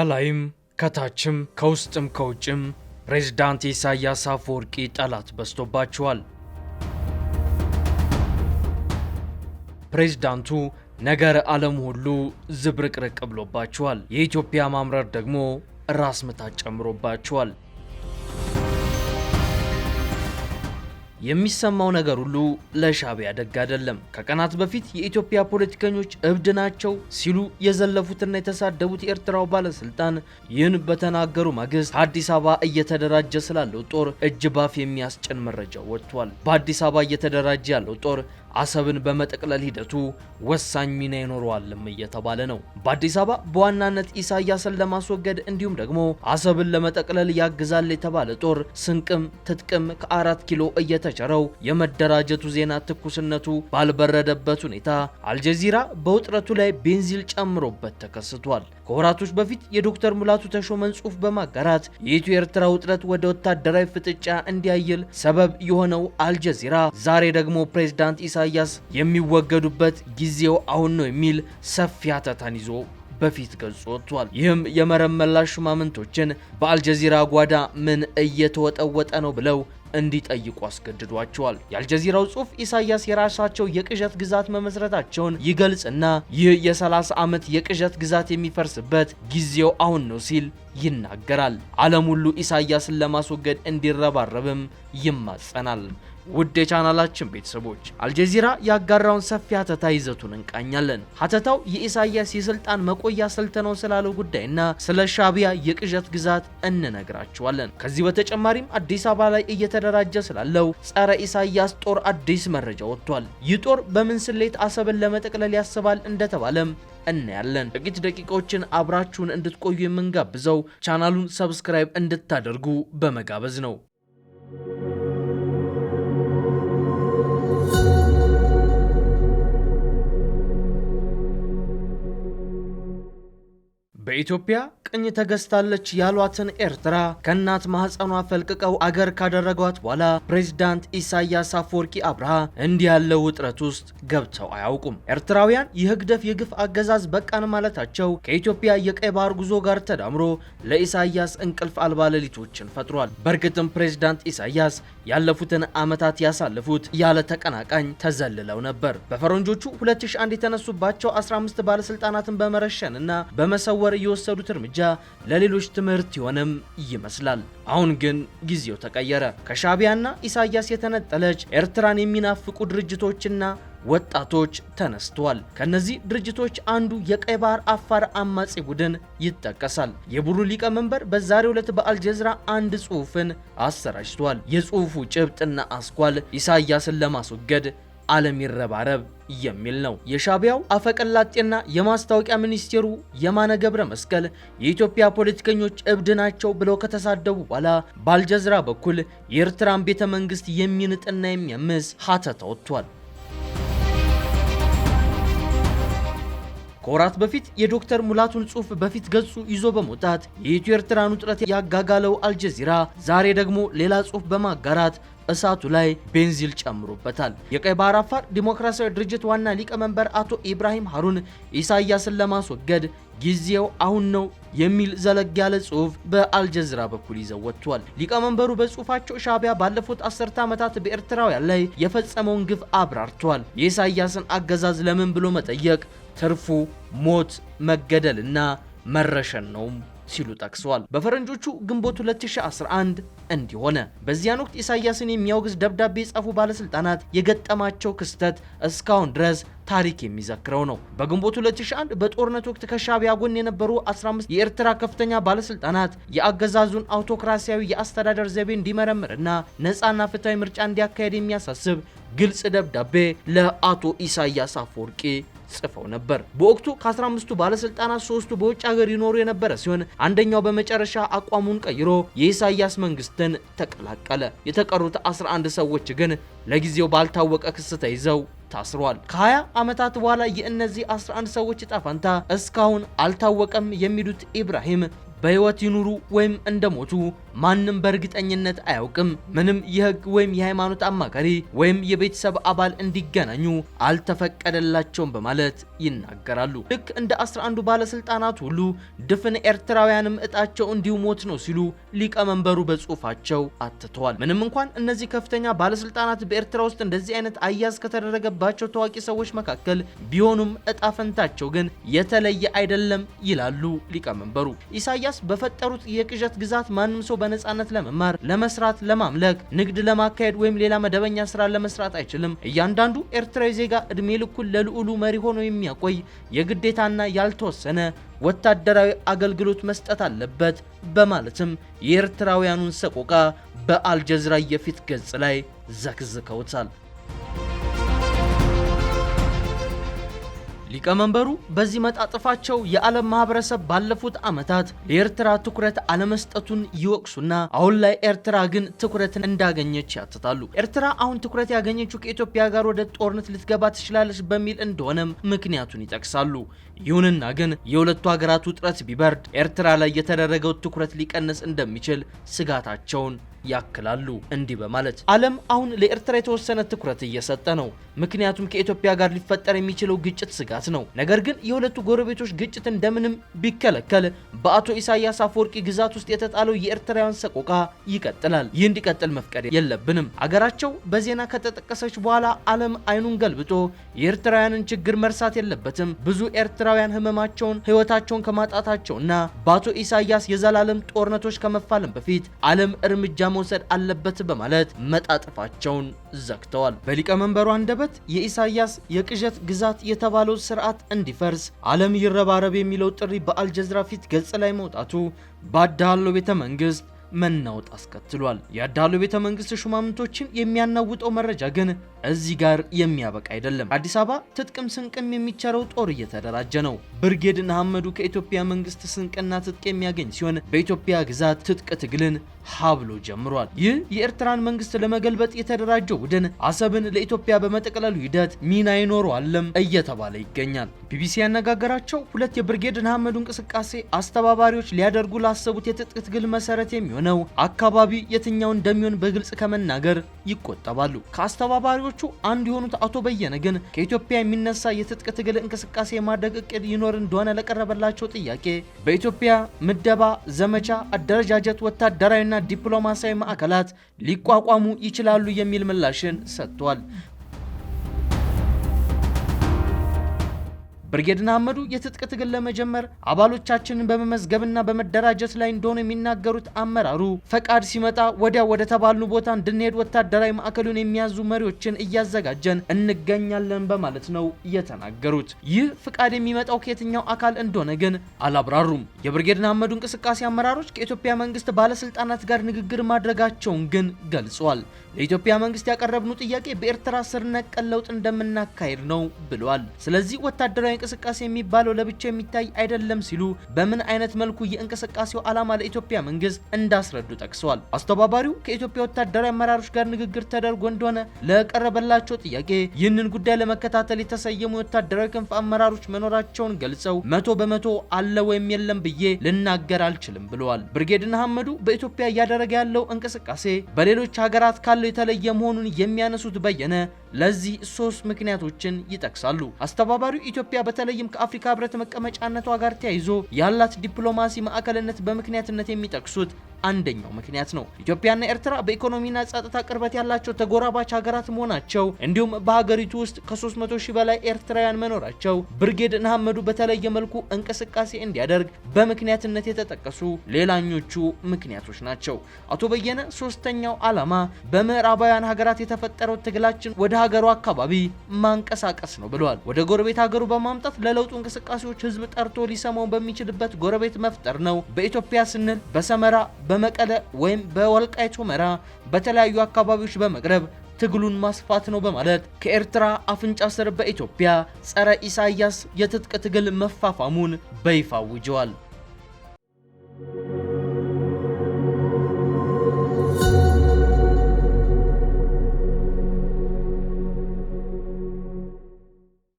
ከላይም ከታችም ከውስጥም ከውጭም ፕሬዝዳንት ኢሳያስ አፈወርቂ ጠላት በዝቶባቸዋል። ፕሬዝዳንቱ ነገር ዓለም ሁሉ ዝብርቅርቅ ብሎባቸዋል። የኢትዮጵያ ማምረር ደግሞ ራስ ምታት ጨምሮባቸዋል። የሚሰማው ነገር ሁሉ ለሻዕቢያ ደግ አይደለም። ከቀናት በፊት የኢትዮጵያ ፖለቲከኞች እብድ ናቸው ሲሉ የዘለፉትና የተሳደቡት የኤርትራው ባለስልጣን ይህን በተናገሩ ማግስት አዲስ አበባ እየተደራጀ ስላለው ጦር እጅ ባፍ የሚያስጭን መረጃ ወጥቷል። በአዲስ አበባ እየተደራጀ ያለው ጦር አሰብን በመጠቅለል ሂደቱ ወሳኝ ሚና ይኖረዋልም እየተባለ ነው። በአዲስ አበባ በዋናነት ኢሳያስን ለማስወገድ እንዲሁም ደግሞ አሰብን ለመጠቅለል ያግዛል የተባለ ጦር ስንቅም ትጥቅም ከአራት ኪሎ እየተቸረው የመደራጀቱ ዜና ትኩስነቱ ባልበረደበት ሁኔታ አልጀዚራ በውጥረቱ ላይ ቤንዚል ጨምሮበት ተከስቷል። ከወራቶች በፊት የዶክተር ሙላቱ ተሾመን ጽሁፍ በማጋራት የኢትዮ ኤርትራ ውጥረት ወደ ወታደራዊ ፍጥጫ እንዲያይል ሰበብ የሆነው አልጀዚራ ዛሬ ደግሞ ፕሬዝዳንት ኢሳያስ የሚወገዱበት ጊዜው አሁን ነው የሚል ሰፊ አተታን ይዞ በፊት ገጾ ወጥቷል። ይህም የመረብ መላሽ ሹማምንቶችን በአልጀዚራ ጓዳ ምን እየተወጠወጠ ነው ብለው እንዲጠይቁ አስገድዷቸዋል። የአልጀዚራው ጽሑፍ ኢሳያስ የራሳቸው የቅዠት ግዛት መመስረታቸውን ይገልጽና ይህ የ30 ዓመት የቅዠት ግዛት የሚፈርስበት ጊዜው አሁን ነው ሲል ይናገራል። ዓለም ሁሉ ኢሳያስን ለማስወገድ እንዲረባረብም ይማጸናል። ውድ የቻናላችን ቤተሰቦች አልጀዚራ ያጋራውን ሰፊ ሀተታ ይዘቱን እንቃኛለን። ሀተታው የኢሳያስ የስልጣን መቆያ ስልት ነው ስላለው ጉዳይና ስለ ሻቢያ የቅዠት ግዛት እንነግራችኋለን። ከዚህ በተጨማሪም አዲስ አበባ ላይ እየተደራጀ ስላለው ጸረ ኢሳያስ ጦር አዲስ መረጃ ወጥቷል። ይህ ጦር በምን ስሌት አሰብን ለመጠቅለል ያስባል እንደተባለም እናያለን። ጥቂት ደቂቃዎችን አብራችሁን እንድትቆዩ የምንጋብዘው ቻናሉን ሰብስክራይብ እንድታደርጉ በመጋበዝ ነው። በኢትዮጵያ ቅኝ ተገዝታለች ያሏትን ኤርትራ ከእናት ማህፀኗ ፈልቅቀው አገር ካደረጓት በኋላ ፕሬዚዳንት ኢሳያስ አፈወርቂ አብርሃ እንዲህ ያለው ውጥረት ውስጥ ገብተው አያውቁም። ኤርትራውያን የህግደፍ የግፍ አገዛዝ በቃን ማለታቸው ከኢትዮጵያ የቀይ ባህር ጉዞ ጋር ተዳምሮ ለኢሳያስ እንቅልፍ አልባ ሌሊቶችን ፈጥሯል። በእርግጥም ፕሬዚዳንት ኢሳያስ ያለፉትን ዓመታት ያሳለፉት ያለ ተቀናቃኝ ተዘልለው ነበር። በፈረንጆቹ 2001 የተነሱባቸው 15 ባለስልጣናትን በመረሸንና በመሰወር የወሰዱት እርምጃ እርምጃ ለሌሎች ትምህርት ይሆንም ይመስላል። አሁን ግን ጊዜው ተቀየረ። ከሻቢያና ኢሳያስ የተነጠለች ኤርትራን የሚናፍቁ ድርጅቶችና ወጣቶች ተነስተዋል። ከነዚህ ድርጅቶች አንዱ የቀይ ባህር አፋር አማጺ ቡድን ይጠቀሳል። የቡድኑ ሊቀመንበር በዛሬው ዕለት በአልጀዝራ አንድ ጽሑፍን አሰራጅቷል። የጽሑፉ ጭብጥና አስኳል ኢሳያስን ለማስወገድ ዓለም ይረባረብ የሚል ነው። የሻቢያው አፈቀላጤና የማስታወቂያ ሚኒስቴሩ የማነ ገብረ መስቀል የኢትዮጵያ ፖለቲከኞች እብድ ናቸው ብለው ከተሳደቡ በኋላ በአልጀዝራ በኩል የኤርትራን ቤተ መንግስት የሚንጥና የሚያምስ ሀተታ ወጥቷል። ከወራት በፊት የዶክተር ሙላቱን ጽሑፍ በፊት ገጹ ይዞ በመውጣት የኢትዮ ኤርትራን ውጥረት ያጋጋለው አልጀዚራ ዛሬ ደግሞ ሌላ ጽሑፍ በማጋራት እሳቱ ላይ ቤንዚል ጨምሮበታል። የቀይ ባህር አፋር ዲሞክራሲያዊ ድርጅት ዋና ሊቀመንበር አቶ ኢብራሂም ሀሩን ኢሳያስን ለማስወገድ ጊዜው አሁን ነው የሚል ዘለግ ያለ ጽሁፍ በአልጀዚራ በኩል ይዘው ወጥቷል። ሊቀመንበሩ በጽሁፋቸው ሻቢያ ባለፉት አስርተ ዓመታት በኤርትራውያን ላይ የፈጸመውን ግፍ አብራርተዋል። የኢሳያስን አገዛዝ ለምን ብሎ መጠየቅ ትርፉ ሞት፣ መገደልና መረሸን ነው። ሲሉ ጠቅሰዋል። በፈረንጆቹ ግንቦት 2011 እንዲሆነ በዚያን ወቅት ኢሳያስን የሚያወግዝ ደብዳቤ የጻፉ ባለስልጣናት የገጠማቸው ክስተት እስካሁን ድረስ ታሪክ የሚዘክረው ነው። በግንቦት 2001 በጦርነት ወቅት ከሻቢያ ጎን የነበሩ 15 የኤርትራ ከፍተኛ ባለስልጣናት የአገዛዙን አውቶክራሲያዊ የአስተዳደር ዘይቤ እንዲመረምርና ነፃና ፍትሐዊ ምርጫ እንዲያካሄድ የሚያሳስብ ግልጽ ደብዳቤ ለአቶ ኢሳያስ አፈወርቂ ጽፈው ነበር። በወቅቱ ከ15ቱ ባለስልጣናት ሶስቱ በውጭ ሀገር ይኖሩ የነበረ ሲሆን አንደኛው በመጨረሻ አቋሙን ቀይሮ የኢሳያስ መንግስትን ተቀላቀለ። የተቀሩት 11 ሰዎች ግን ለጊዜው ባልታወቀ ክስ ተይዘው ታስሯል። ከ20 ዓመታት በኋላ የእነዚህ 11 ሰዎች እጣ ፈንታ እስካሁን አልታወቀም የሚሉት ኢብራሂም በህይወት ይኑሩ ወይም እንደሞቱ ማንም በእርግጠኝነት አያውቅም። ምንም የህግ ወይም የሃይማኖት አማካሪ ወይም የቤተሰብ አባል እንዲገናኙ አልተፈቀደላቸውም በማለት ይናገራሉ። ልክ እንደ 11ዱ ባለስልጣናት ሁሉ ድፍን ኤርትራውያንም እጣቸው እንዲሁ ሞት ነው ሲሉ ሊቀመንበሩ በጽሁፋቸው አትተዋል። ምንም እንኳን እነዚህ ከፍተኛ ባለስልጣናት በኤርትራ ውስጥ እንደዚህ አይነት አያዝ ከተደረገባቸው ታዋቂ ሰዎች መካከል ቢሆኑም እጣ ፈንታቸው ግን የተለየ አይደለም ይላሉ ሊቀመንበሩ። ኢሳያስ በፈጠሩት የቅዠት ግዛት ማንም ሰው በነጻነት ለመማር፣ ለመስራት፣ ለማምለክ፣ ንግድ ለማካሄድ ወይም ሌላ መደበኛ ስራ ለመስራት አይችልም። እያንዳንዱ ኤርትራዊ ዜጋ እድሜ ልኩን ለልዑሉ መሪ ሆኖ የሚያቆይ የግዴታና ያልተወሰነ ወታደራዊ አገልግሎት መስጠት አለበት በማለትም የኤርትራውያኑን ሰቆቃ በአልጀዝራ የፊት ገጽ ላይ ዘክዝከውታል። ሊቀመንበሩ በዚህ መጣጥፋቸው የዓለም ማህበረሰብ ባለፉት ዓመታት የኤርትራ ትኩረት አለመስጠቱን ይወቅሱና አሁን ላይ ኤርትራ ግን ትኩረትን እንዳገኘች ያትታሉ። ኤርትራ አሁን ትኩረት ያገኘችው ከኢትዮጵያ ጋር ወደ ጦርነት ልትገባ ትችላለች በሚል እንደሆነም ምክንያቱን ይጠቅሳሉ። ይሁንና ግን የሁለቱ ሀገራት ውጥረት ቢበርድ ኤርትራ ላይ የተደረገው ትኩረት ሊቀንስ እንደሚችል ስጋታቸውን ያክላሉ። እንዲህ በማለት ዓለም አሁን ለኤርትራ የተወሰነ ትኩረት እየሰጠ ነው። ምክንያቱም ከኢትዮጵያ ጋር ሊፈጠር የሚችለው ግጭት ስጋት ነው። ነገር ግን የሁለቱ ጎረቤቶች ግጭት እንደምንም ቢከለከል በአቶ ኢሳያስ አፈወርቂ ግዛት ውስጥ የተጣለው የኤርትራውያን ሰቆቃ ይቀጥላል። ይህ እንዲቀጥል መፍቀድ የለብንም። አገራቸው በዜና ከተጠቀሰች በኋላ ዓለም አይኑን ገልብጦ የኤርትራውያንን ችግር መርሳት የለበትም። ብዙ ኤርትራውያን ህመማቸውን፣ ህይወታቸውን ከማጣታቸውና በአቶ ኢሳያስ የዘላለም ጦርነቶች ከመፋለም በፊት ዓለም እርምጃ መውሰድ አለበት በማለት መጣጥፋቸውን ዘግተዋል። በሊቀመንበሩ አንደበት የኢሳያስ የቅዠት ግዛት የተባለው ስርዓት እንዲፈርስ ዓለም ይረባረብ የሚለው ጥሪ በአልጀዝራ ፊት ገጽ ላይ መውጣቱ ባዳሃለው ቤተ መንግስት መናወጥ አስከትሏል። የአዳሉ ቤተ መንግስት ሹማምንቶችን የሚያናውጠው መረጃ ግን እዚህ ጋር የሚያበቃ አይደለም። አዲስ አበባ ትጥቅም ስንቅም የሚቸረው ጦር እየተደራጀ ነው። ብርጌድ ንሓመዱ ከኢትዮጵያ መንግስት ስንቅና ትጥቅ የሚያገኝ ሲሆን በኢትዮጵያ ግዛት ትጥቅ ትግልን ሀብሎ ጀምሯል። ይህ የኤርትራን መንግስት ለመገልበጥ የተደራጀው ቡድን አሰብን ለኢትዮጵያ በመጠቅለሉ ሂደት ሚና አለም እየተባለ ይገኛል። ቢቢሲ ያነጋገራቸው ሁለት የብርጌድ ንሓመዱ እንቅስቃሴ አስተባባሪዎች ሊያደርጉ ላሰቡት የትጥቅ ትግል መሰረት የሚሆን ነው አካባቢ የትኛው እንደሚሆን በግልጽ ከመናገር ይቆጠባሉ። ከአስተባባሪዎቹ አንዱ የሆኑት አቶ በየነ ግን ከኢትዮጵያ የሚነሳ የትጥቅ ትግል እንቅስቃሴ የማድረግ እቅድ ይኖር እንደሆነ ለቀረበላቸው ጥያቄ በኢትዮጵያ ምደባ፣ ዘመቻ፣ አደረጃጀት፣ ወታደራዊና ዲፕሎማሲያዊ ማዕከላት ሊቋቋሙ ይችላሉ የሚል ምላሽን ሰጥቷል። ብርጌድና አህመዱ የትጥቅ ትግል ለመጀመር አባሎቻችንን በመመዝገብና በመደራጀት ላይ እንደሆኑ የሚናገሩት አመራሩ ፈቃድ ሲመጣ ወዲያ ወደ ተባልኑ ቦታ እንድንሄድ ወታደራዊ ማዕከሉን የሚያዙ መሪዎችን እያዘጋጀን እንገኛለን በማለት ነው የተናገሩት። ይህ ፍቃድ የሚመጣው ከየትኛው አካል እንደሆነ ግን አላብራሩም። የብርጌድን አህመዱ እንቅስቃሴ አመራሮች ከኢትዮጵያ መንግስት ባለስልጣናት ጋር ንግግር ማድረጋቸውን ግን ገልጿል። ለኢትዮጵያ መንግስት ያቀረብነው ጥያቄ በኤርትራ ስር ነቀል ለውጥ እንደምናካሄድ ነው ብሏል። ስለዚህ ወታደራዊ እንቅስቃሴ የሚባለው ለብቻ የሚታይ አይደለም ሲሉ በምን አይነት መልኩ የእንቅስቃሴው ዓላማ ለኢትዮጵያ መንግስት እንዳስረዱ ጠቅሰዋል። አስተባባሪው ከኢትዮጵያ ወታደራዊ አመራሮች ጋር ንግግር ተደርጎ እንደሆነ ለቀረበላቸው ጥያቄ ይህንን ጉዳይ ለመከታተል የተሰየሙ የወታደራዊ ክንፍ አመራሮች መኖራቸውን ገልጸው መቶ በመቶ አለ ወይም የለም ብዬ ልናገር አልችልም ብለዋል። ብርጌድና ሐመዱ በኢትዮጵያ እያደረገ ያለው እንቅስቃሴ በሌሎች ሀገራት ካለው የተለየ መሆኑን የሚያነሱት በየነ ለዚህ ሶስት ምክንያቶችን ይጠቅሳሉ። አስተባባሪው ኢትዮጵያ በተለይም ከአፍሪካ ህብረት መቀመጫነቷ ጋር ተያይዞ ያላት ዲፕሎማሲ ማዕከልነት በምክንያትነት የሚጠቅሱት አንደኛው ምክንያት ነው። ኢትዮጵያና ኤርትራ በኢኮኖሚና ጸጥታ ቅርበት ያላቸው ተጎራባች ሀገራት መሆናቸው እንዲሁም በሀገሪቱ ውስጥ ከ300 ሺህ በላይ ኤርትራውያን መኖራቸው ብርጌድ ንሓመዱ በተለየ መልኩ እንቅስቃሴ እንዲያደርግ በምክንያትነት የተጠቀሱ ሌላኞቹ ምክንያቶች ናቸው። አቶ በየነ ሶስተኛው ዓላማ በምዕራባውያን ሀገራት የተፈጠረው ትግላችን ወደ ሀገሩ አካባቢ ማንቀሳቀስ ነው ብለዋል። ወደ ጎረቤት ሀገሩ በማምጣት ለለውጡ እንቅስቃሴዎች ህዝብ ጠርቶ ሊሰማው በሚችልበት ጎረቤት መፍጠር ነው። በኢትዮጵያ ስንል በሰመራ በመቀለ ወይም በወልቃይት ሁመራ በተለያዩ አካባቢዎች በመቅረብ ትግሉን ማስፋት ነው በማለት ከኤርትራ አፍንጫ ስር በኢትዮጵያ ጸረ ኢሳያስ የትጥቅ ትግል መፋፋሙን በይፋ አውጀዋል።